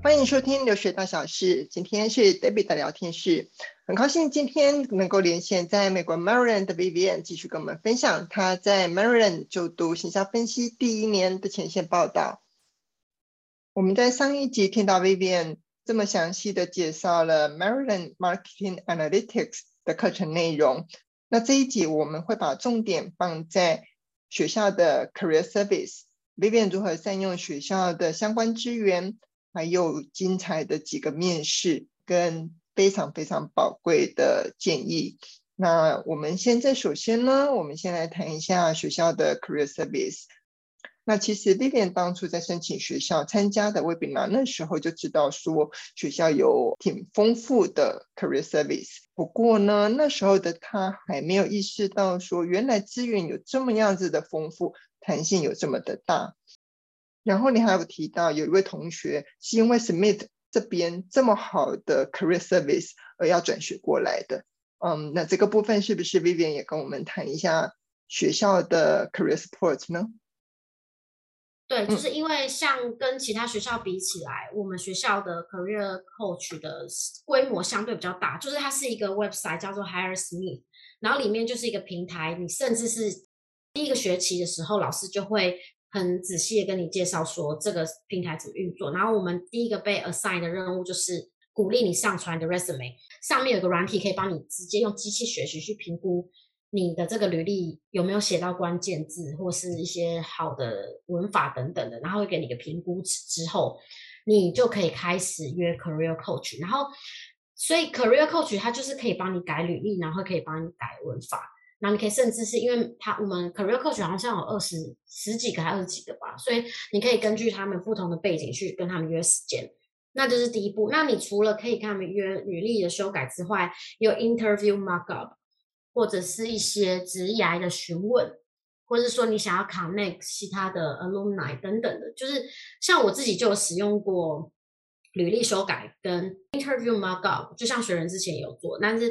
歡迎收聽留學大小事，今天是 Debbie 的聊天室，很高興今天能夠連線在美國 Maryland 的 Vivienne，繼續跟我們分享他在 Maryland 就讀行銷分析第一年的前線報道。我們在上一集聽到 Vivienne。這麼詳細的介紹了 Maryland Marketing Analytics 的課程內容。那這一集我們會把重點放在學校的 Career Service，Vivienne 如何善用學校的相關資源，還有精彩的幾個面試跟非常非常寶貴的建議。那我們現在首先呢，我們先來談一下學校的 Career Service。那其實 Vivienne 當初在申請學校參加的 Webinar 那時候就知道說學校有挺豐富的 career service，不過呢那時候的他還沒有意識到說原來資源有這麼樣子的豐富，彈性有這麼的大。然後你還有提到有一位同學是因為 Smith 這邊這麼好的 career service 而要轉學過來的，嗯，那這個部分是不是 Vivienne 也跟我們談一下學校的 career support 呢？對，就是因為像跟其他學校比起來，嗯，我們學校的 career coach 的規模相對比較大。就是它是一個 website 叫做 Hire Smith，然後裡面就是一個平台。你甚至是第一個學期的時候，老師就會很仔細的跟你介紹說這個平台怎麼運作。然後我們第一個被 assign 的任務就是鼓勵你上傳你的 resume，上面有個軟體可以幫你直接用機器學習去評估。你的這個履歷有沒有寫到關鍵字或是一些好的文法等等的，然後會給你個評估之後，你就可以開始約 career coach，然後所以 career coach 他就是可以幫你改履歷，然後可以幫你改文法，然後你可以甚至是因為他，我們 career coach 好像有二十十幾個還二十幾個吧，所以你可以根據他們不同的背景去跟他們約時間，那就是第一步。那你除了可以跟他們約履歷的修改之外，有 interview markup，或者是一些職涯的詢問，或者是說你想要 connect 其他的 alumni 等等的，就是像我自己就有使用過履歷修改跟 interview mark up 就像學人之前有做，但是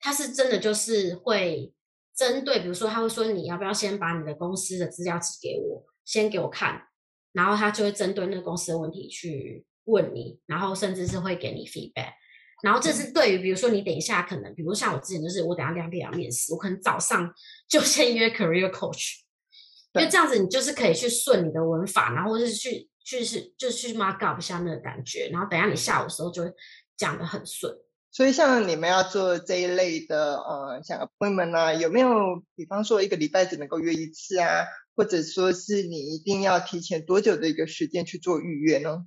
他是真的就是會針對，比如說他會說你要不要先把你的公司的資料寄給我，先給我看，然後他就會針對那個公司的問題去問你，然後甚至是會給你 feedback。然後這是對於比如說你等一下可能比如像我之前，就是我等一下兩點要面試，我可能早上就先約 career coach，因為這樣子你就是可以去順你的文法，然後就是去去是就是去 mark up 一下那個感覺，然後等一下你下午的時候就會講得很順。所以像你們要做這一類的呃像 appointment 呢，有沒有比方說一個禮拜只能夠約一次啊，或者說是你一定要提前多久的一個時間去做預約呢？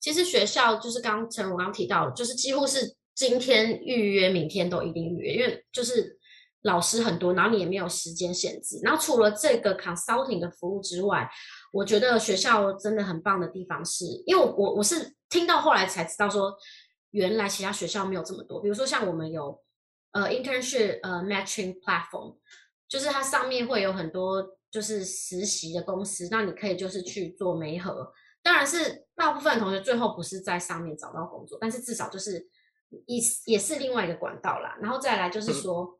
其實學校就是剛剛陳如剛提到，就是幾乎是今天預約，明天都一定預約，因為就是老師很多，然後你也沒有時間限制。然後除了這個 consulting 的服務之外，我覺得學校真的很棒的地方是，因為我我，我是聽到後來才知道說，原來其他學校沒有這麼多。比如說像我們有呃 internship 呃 matching platform，就是它上面會有很多就是實習的公司，那你可以就是去做媒合，當然是。大部分的同學最後不是在上面找到工作，但是至少就是也也是另外一個管道啦。然後再來就是說，嗯，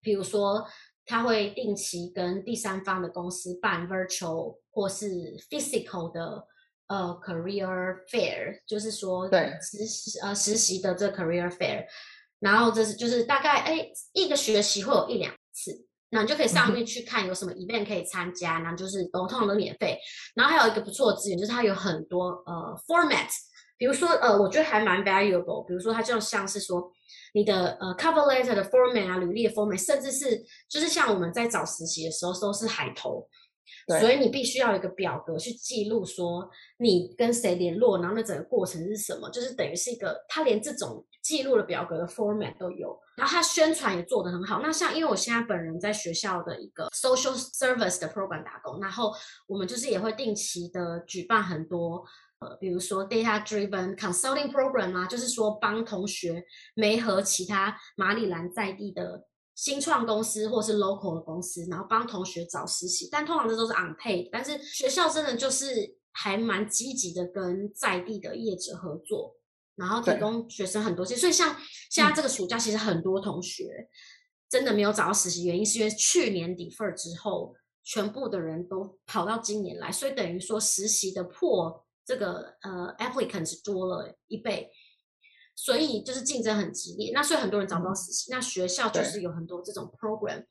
比如說他會定期跟第三方的公司辦 virtual 或是 physical 的呃、uh, career fair，就是說對實呃實習的這 career fair，然後這是就是大概哎一個學期會有一兩次。那你就可以上面去看有什麼 event 可以參加，然後就是都、哦、通常都免費。然後還有一個不錯的資源就是它有很多呃 format，比如說呃我覺得還蠻 valuable，比如說它就像像是說你的呃 cover letter 的 format 啊，履歷的 format，甚至是就是像我們在找實習的時候都是海投，對，所以你必須要有一個表格去記錄說你跟誰聯絡，然後那整個過程是什麼，就是等於是一個它連這種。記錄了表格的 format 都有，然後他宣傳也做得很好。那像因為我現在本人在學校的一個 social service 的 program 打工，然後我們就是也會定期的舉辦很多，呃，比如說 data driven consulting program 啊，就是說幫同學媒合其他馬里蘭在地的新創公司或是 local 的公司，然後幫同學找實習。但通常這都是 unpaid，但是學校真的就是還蠻積極的跟在地的業者合作。然後提供學生很多，所以像現在這個暑假，其實很多同學真的沒有找到實習，原因是因為去年 defer 之後，全部的人都跑到今年來，所以等於說實習的破這個呃 applicants 多了一倍，所以就是競爭很激烈，那所以很多人找不到實習，嗯，那學校就是有很多這種 program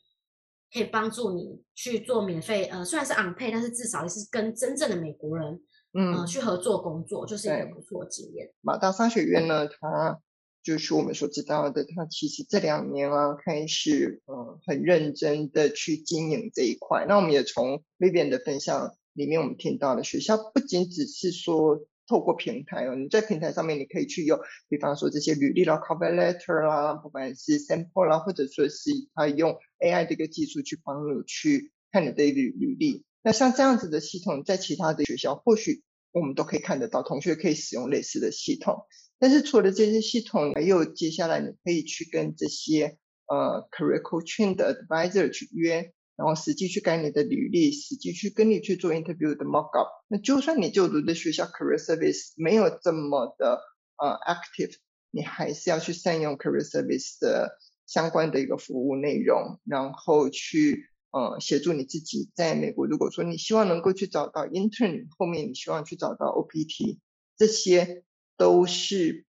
可以幫助你去做免費，呃，雖然是 unpaid，但是至少也是跟真正的美國人。嗯，去合作工作就是一個不錯的經驗。嗯、馬大商學院呢，它、嗯、就是我們所知道的，它其實這兩年啊，開始呃、嗯、很認真的去經營這一塊。那我們也從 Vivienne 的分享裡面，我們聽到了學校不僅只是說透過平台哦，你在平台上面你可以去用，比方說這些履歷啦、cover letter 啦，不管是 sample 啦，或者說是他用 AI 的一個技術去幫你去看你的履履歷。那像這樣子的系統，在其他的學校或許。我們都可以看得到，同學可以使用類似的系統。但是除了這些系統，還有接下來你可以去跟這些呃 career coach、career advisor 去約，然後實際去改你的履歷，實際去跟你去做 interview 的 mock up。那就算你就讀的學校 career service 沒有這麼的呃 active，你還是要去善用 career service 的相關的一個服務內容，然後去。呃、嗯，協助你自己在美國，如果說你希望能夠去找到 intern，後面你希望去找到 OPT，這些都是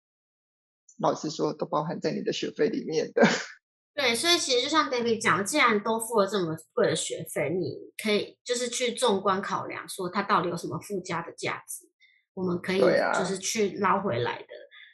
老實說都包含在你的學費裡面的。對，所以其實就像 Debbie 講，既然都付了這麼貴的學費，你可以就是去縱觀考量，說它到底有什麼附加的價值，我們可以就是去撈回來的。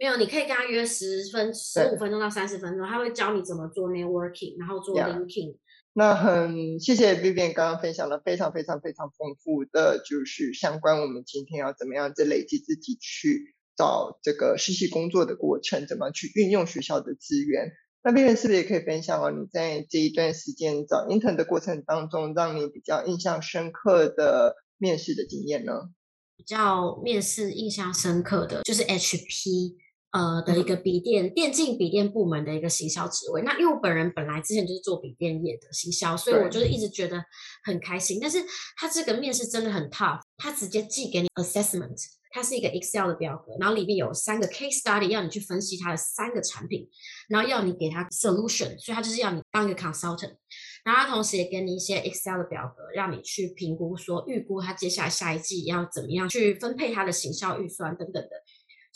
沒有，你可以跟他約十分、十五分鐘到三十分鐘，他會教你怎麼做 networking，然後做 linking。Yeah. 那很謝謝 Vivienne 剛剛分享了非常非常非常豐富的，就是相關我們今天要怎麼樣在累積自己去找這個實習工作的過程，怎麼去運用學校的資源。那 Vivienne 是不是也可以分享了、哦、你在這一段時間找 intern 的過程當中，讓你比較印象深刻的面試的經驗呢？比較面試印象深刻的就是 HP。呃的一個筆電、嗯、電競筆電部門的一個行銷職位，那因為我本人本來之前就是做筆電業的行銷，所以我就是一直覺得很開心。但是他這個面試真的很 tough，他直接寄給你 assessment，它是一個 Excel 的表格，然後裡面有三個 case study 要你去分析他的三個產品，然後要你給他 solution，所以他就是要你當一個 consultant。然後他同時也給你一些 Excel 的表格，讓你去評估說預估他接下來下一季要怎麼樣去分配他的行銷預算等等的。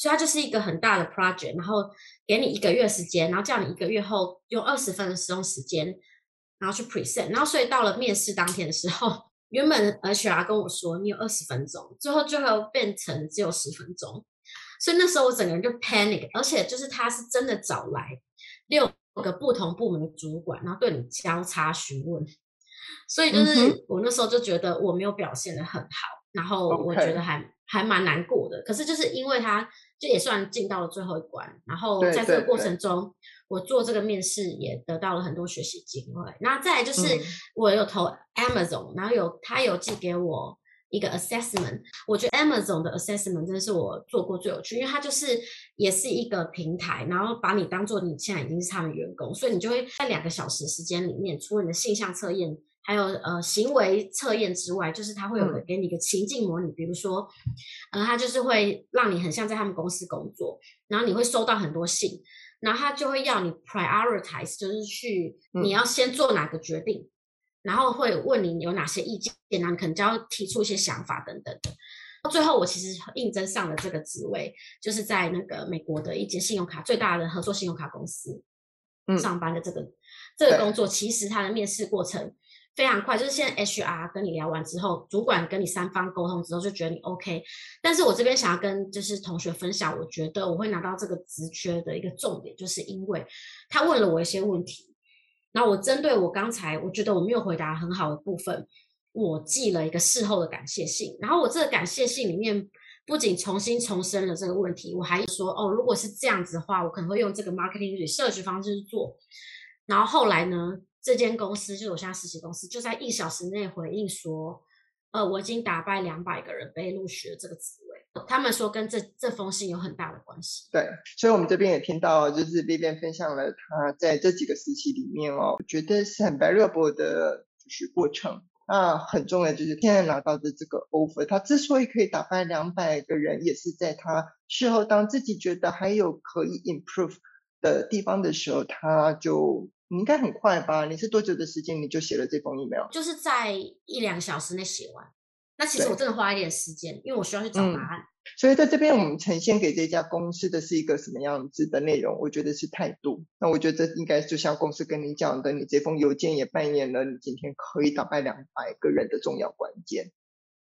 所以它就是一個很大的 project，然後給你一個月時間，然後叫你一個月後用二十分的使用時間，然後去 present，然後所以到了面試當天的時候，原本 HR 跟我說你有二十分鐘，最後最後變成只有十分鐘，所以那時候我整個人就 panic，而且就是他是真的找來六個不同部門的主管，然後對你交叉詢問，所以就是我那時候就覺得我沒有表現得很好，然後我覺得還、okay.。還蠻難過的，可是就是因為他就也算進到了最後一關，然後在這個過程中，對對對我做這個面試也得到了很多學習機會。那再來就是我有投 Amazon，、嗯、然後有他有寄給我一個 assessment，我覺得 Amazon 的 assessment 真的是我做過最有趣，因為他就是也是一個平台，然後把你當做你現在已經是他們員工，所以你就會在兩個小時時間裡面除了你的性向測驗。還有呃，行為測驗之外，就是他會有給你一個情境模擬，嗯、比如說，呃，他就是會讓你很像在他們公司工作，然後你會收到很多信，然後他就會要你 prioritize，就是去你要先做哪個決定，嗯，然後會問你有哪些意見，然後你可能就要提出一些想法等等的。然後最後，我其實應徵上的這個職位，就是在那個美國的一間信用卡最大的合作信用卡公司，嗯、上班的這個、嗯、這個工作，其實他的面試過程。非常快，就是現在 HR 跟你聊完之後，主管跟你三方溝通之後就覺得你 OK。但是我這邊想要跟就是同學分享，我覺得我會拿到這個職缺，的一個重點，就是因為他問了我一些問題，然後我針對我剛才我覺得我沒有回答很好的部分，我寄了一個事後的感謝信。然後我這個感謝信裡面不僅重新重申了這個問題，我還說哦，如果是這樣子的話，我可能會用這個 marketing research 方式去做。然後後來呢？這間公司就是我現在實習公司，就在一小時內回應說：“呃，我已經打敗兩百個人，被錄取了這個職位。呃”他們說跟這這封信有很大的關係。對，所以我們這邊也聽到，就是 Vivienne 分享了她在這幾個實習裡面哦，覺得是很 valuable 的就是過程。那很重要就是現在拿到的這個 offer，他之所以可以打敗兩百個人，也是在他事後當自己覺得還有可以 improve 的地方的時候，他就。你應該很快吧？你是多久的時間，你就寫了這封 email？就是在一兩小時內寫完。那其實我真的花一點時間，因為我需要去找答案。嗯、所以在這邊，我們呈現給這家公司的是一個什麼樣子的內容？我覺得是態度。那我覺得這應該就像公司跟你講的，你這封郵件也扮演了你今天可以打敗兩百個人的重要關鍵。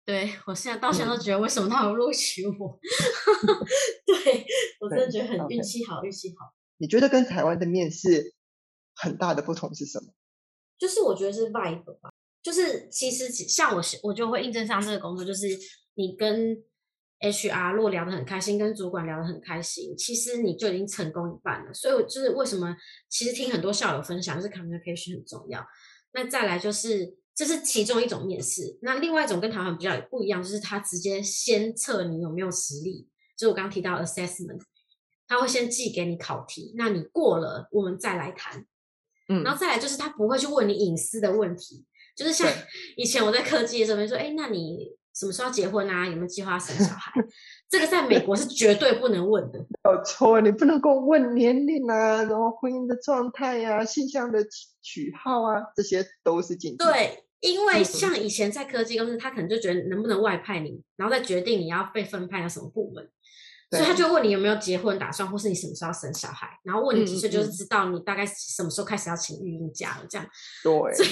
對，我現在到現在都覺得為什麼他會錄取我？嗯、 對，我真的覺得很運氣好、嗯，運氣好。你覺得跟台灣的面試？很大的不同是什麼？就是我覺得是 vibe 吧，就是其實像我我就會應徵上這個工作，就是你跟 HR 如果聊得很開心，跟主管聊得很開心，其實你就已經成功一半了。所以就是為什麼其實聽很多校友分享，就是 communication 很重要。那再來就是這是其中一種面試，那另外一種跟台灣比較不一樣，就是他直接先測你有沒有實力，就是我剛提到 assessment，他會先寄給你考題，那你過了，我們再來談。然後再來就是他不會去問你隱私的問題，就是像以前我在科技的時候，比如說，哎，那你什麼時候要結婚啊？有沒有計劃生小孩？ 這個在美國是絕對不能問的。沒錯，你不能夠問年齡啊，然後婚姻的狀態呀、啊，性向的取號啊，這些都是禁。對，因為像以前在科技公司，他可能就覺得能不能外派你，然後再決定你要被分派到什麼部門。所以他就問你有沒有結婚打算，或是你什麼時候要生小孩，然後問你幾歲，就是知道你大概什麼時候開始要請育嬰假了、嗯。這樣，對，所以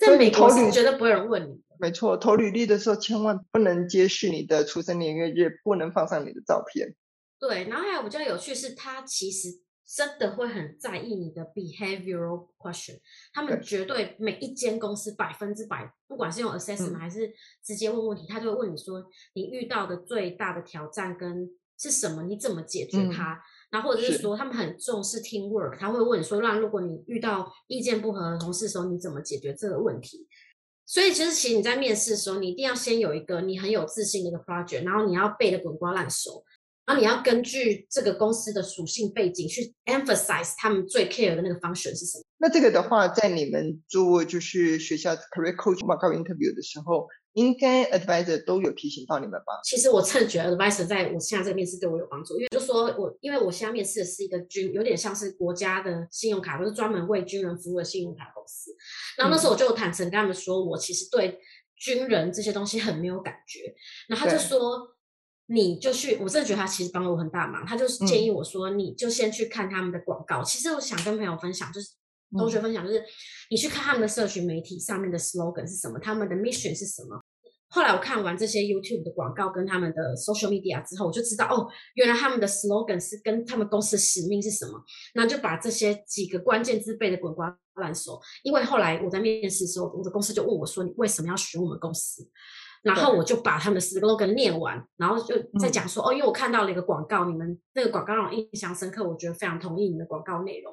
在美國是絕對不會有人問你。沒錯，投履歷的時候千萬不能揭示你的出生年月日，不能放上你的照片。對，然後還有比較有趣是，他其實真的會很在意你的 behavioral question。他們絕對每一間公司百分之百，不管是用 assessment、嗯、還是直接問問題，他就會問你說你遇到的最大的挑戰跟是什麼？你怎麼解決它？嗯、然後或者是說，他們很重視 team work，他會問你說，那如果你遇到意見不合的同事的時候，你怎麼解決這個問題？所以其實，其實你在面試的時候，你一定要先有一個你很有自信的一個 project，然後你要背得滾瓜爛熟，然後你要根據這個公司的屬性背景去 emphasize 他們最 care 的那個方式是什麼。那這個的話，在你們做就是學校 career coach mock interview 的時候。應該 advisor 都有提醒到你們吧？其實我真的覺得 advisor 在我現在這個面試對我有幫助，因為就說我因為我現在面試的是一個軍，有點像是國家的信用卡，就是專門為軍人服務的信用卡公司。然後那時候我就坦誠跟他們說我其實對軍人這些東西很沒有感覺。然後他就說你就去，我真的覺得他其實幫了我很大忙。他就建議我說你就先去看他們的廣告。嗯、其實我想跟朋友分享，就是同學、嗯、分享，就是你去看他們的社群媒體上面的 slogan 是什麼，他們的 mission 是什麼。後來我看完這些 YouTube 的廣告跟他們的 Social Media 之後，我就知道哦，原來他們的 Slogan 是跟他們公司的使命是什麼。那就把這些幾個關鍵字背得滾瓜爛熟。因為後來我在面試的時候，我的公司就問我說：“你為什麼要選我們公司？”然後我就把他們的 Slogan 唸完，然後就再講說：“哦，因為我看到了一個廣告，你們那個廣告讓我印象深刻，我覺得非常同意你們的廣告內容。”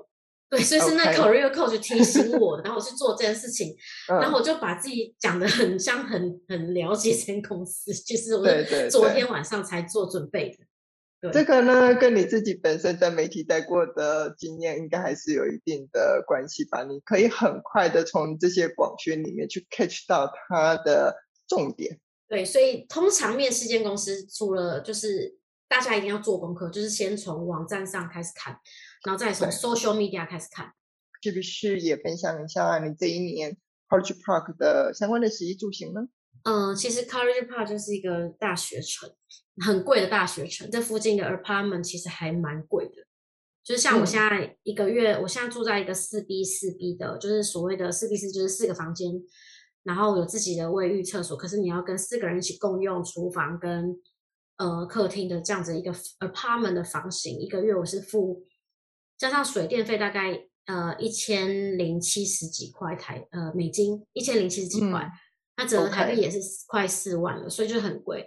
對，所以是那 career coach 提醒我，okay. 然後我去做這件事情，然後我就把自己講得很像很很了解這間公司，就是我昨天晚上才做準備的。這個呢，跟你自己本身在媒體待過的經驗，應該還是有一定的關係吧？你可以很快的從這些廣宣裡面去 catch 到它的重點。對，所以通常面試間公司，除了就是大家一定要做功課，就是先從網站上開始看。然後再從 social media 開始看，是不是也分享一下你這一年 college park 的相關的食衣住行呢？嗯、呃，其實 College Park 就是一個大學城，很貴的大學城。這附近的 apartment 其實還蠻貴的，就是像我現在一個月，嗯、我現在住在一個四 B 四 B 的，就是所謂的四 B 四就是四個房間，然後有自己的衛浴廁所，可是你要跟四個人一起共用廚房跟呃客廳的這樣子一個 apartment 的房型，一個月我是付。加上水電費大概呃一千零七十幾塊台呃美金一千零七十幾塊，那整個台幣也是快四萬了，Okay. 所以就很貴。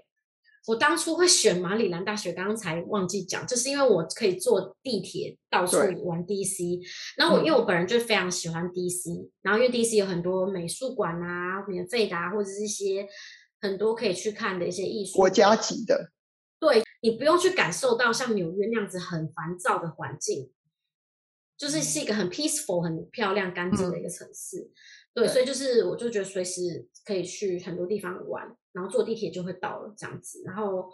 我當初會選馬里蘭大學，剛，剛才忘記講，就是因為我可以坐地鐵到處玩 DC。然後我、嗯、因為我本人就非常喜歡 DC，然後因為 DC 有很多美術館啊、免費的啊或者是一些很多可以去看的一些藝術國家級的，啊、對你不用去感受到像紐約那樣子很煩躁的環境。就是是一個很 peaceful、很漂亮、乾淨的一個城市，嗯對，對，所以就是我就覺得隨時可以去很多地方玩，然後坐地鐵就會到了這樣子。然後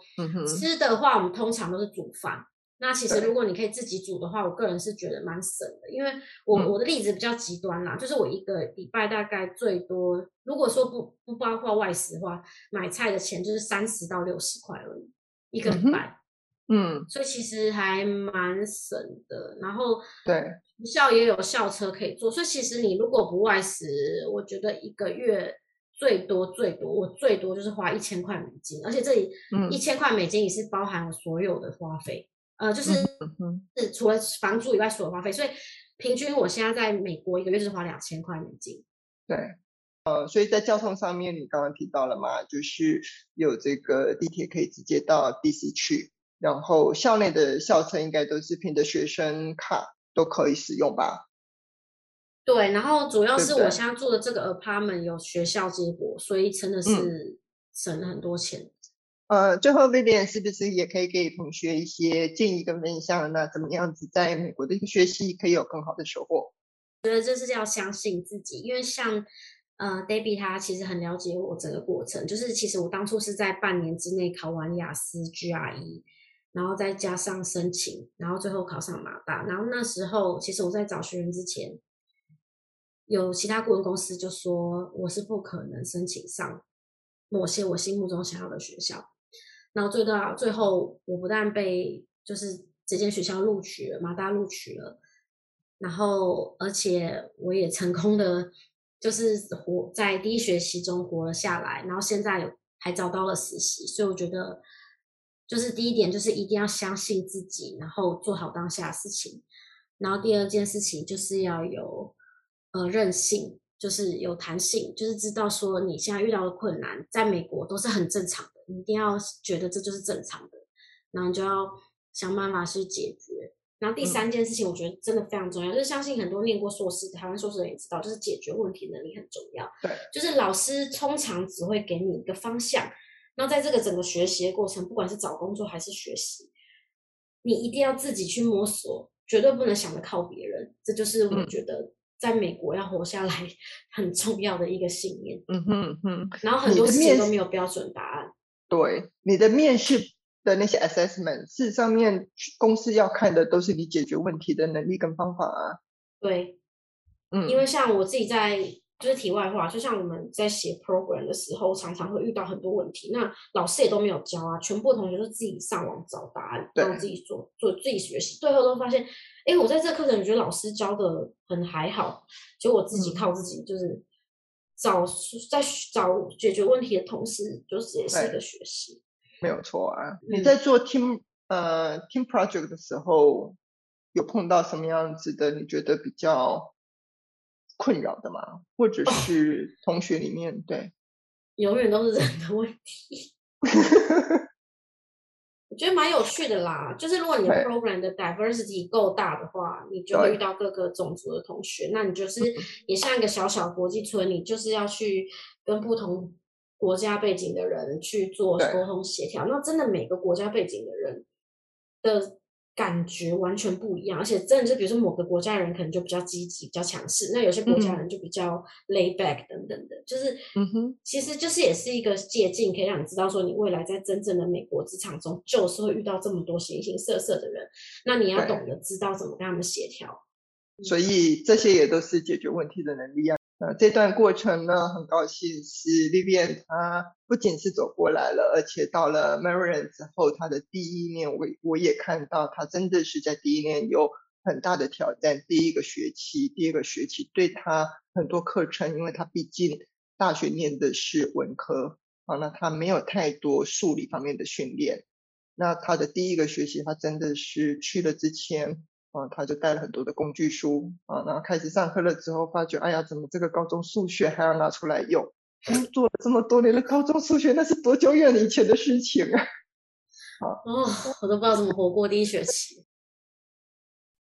吃的話，我們通常都是煮飯、嗯。那其實如果你可以自己煮的話，我個人是覺得蠻省的，因為我、嗯、我的例子比較極端啦，就是我一個禮拜大概最多，如果說不不包括外食的話，買菜的錢就是三十到六十塊而已，一個禮拜。嗯，所以其實還蠻省的，然後對，學校也有校車可以坐，所以其實你如果不外食，我覺得一個月最多最多，我最多就是花一千塊美金，而且這裡一千塊美金也是包含了所有的花費，嗯，呃，就是是除了房租以外所有花費，所以平均我現在在美國一個月是花兩千塊美金。對，呃，所以在交通上面你剛剛提到了嘛，就是有這個地鐵可以直接到 DC 去。然後校內的校車應該都是憑的學生卡都可以使用吧？對，然後主要是我現在住的這個 apartment 有學校接駁，對對，所以真的是省了很多錢。嗯、呃，最後 Vivienne 是不是也可以給同學一些建議跟分享、啊？那怎麼樣子在美國的學習可以有更好的收穫？我覺得就是要相信自己，因為像呃，Debbie 他其實很了解我整個過程，就是其實我當初是在半年之內考完雅思 GRE。GRE，然後再加上申請，然後最後考上馬大。然後那時候，其實我在找學人之前，有其他顧問公司就說我是不可能申請上某些我心目中想要的學校。然後，最到最後，我不但被就是這間學校錄取了，馬大錄取了，然後而且我也成功的，就是活在第一學期中活了下來。然後現在還找到了實習，所以我覺得。就是第一點，就是一定要相信自己，然後做好當下的事情。然後第二件事情就是要有呃韌性，就是有彈性，就是知道說你現在遇到的困難，在美國都是很正常的，你一定要覺得這就是正常的，然後你就要想辦法去解決。然後第三件事情，我覺得真的非常重要，嗯，就是相信很多念過碩士，台灣碩士的人也知道，就是解決問題能力很重要。對，就是老師通常只會給你一個方向。那在這個整個學習的過程，不管是找工作還是學習，你一定要自己去摸索，絕對不能想着靠別人，這就是我覺得在美國要活下來很重要的一個信念。嗯哼嗯哼。然後很多事情都沒有標準答案。對，你的面試的那些 assessment，事實上面公司要看的都是你解決問題的能力跟方法啊。對。嗯。因為像我自己在。就是題外話，就像我們在寫 program 的時候，常常會遇到很多問題。那老師也都沒有教啊，全部同學都自己上網找答案，然後自己做，做自己學習。對，最後都發現，哎，我在這課程，覺得老師教的很還好。結果我自己靠自己，就是找，嗯、在找解決問題的同時，就是也是一個學習，沒有錯啊。嗯、你在做 team 呃 team project 的時候，有碰到什麼樣子的？你覺得比較？困擾的嗎？或者是同學裡面、哦、對，永遠都是這樣的問題。 我覺得蠻有趣的啦，就是如果你的 program 的 diversity 夠大的話，你就會遇到各個種族的同學，那你就是也像一個小小國際村， 你就是要去跟不同國家背景的人去做溝通協調。那真的每個國家背景的人的。感覺完全不一樣，而且真的就比如說某個國家人可能就比較積極、比較強勢，那有些國家人就比較 lay back 等等的，嗯、就是，嗯哼，其實就是也是一個捷徑，可以讓你知道說你未來在真正的美國職場中就是會遇到這麼多形形色色的人，那你要懂得知道怎麼跟他們協調，所以這些也都是解決問題的能力啊。呃，這段過程呢，很高興是 Vivienne，他不僅是走過來了，而且到了 Maryland 之後，他的第一年我我也看到他真的是在第一年有很大的挑戰。第一個學期，第一個學期對他很多課程，因為他畢竟大學念的是文科，啊，那他沒有太多數理方面的訓練。那他的第一個學期，他真的是去了之前。啊，他就帶了很多的工具書啊，然後開始上課了之後，發覺哎呀，怎麼這個高中數學還要拿出來用？做了這麼多年的高中數學，那是多久遠以前的事情啊！啊、哦，我都不知道怎麼活過第一學期。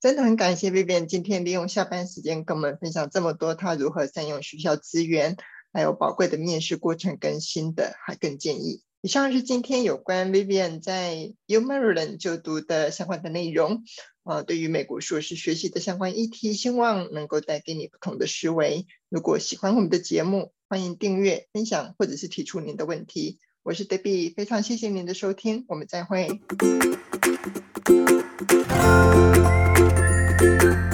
真的很感謝 Vivienne 今天利用下班時間跟我們分享這麼多，他如何善用學校資源，還有寶貴的面試過程更新的，還更建議。以上是今天有關 Vivienne 在 U Maryland 就讀的相關的內容。呃，對於美國碩士學習的相關議題，希望能夠帶給你不同的思維。如果喜歡我們的節目，歡迎訂閱、分享或者是提出您的問題。我是 Debbie，非常謝謝您的收聽，我們再會。嗯嗯嗯嗯。